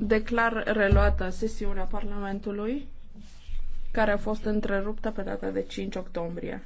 declar reluată sesiunea parlamentului care a fost întreruptă pe data de 5 octombrie.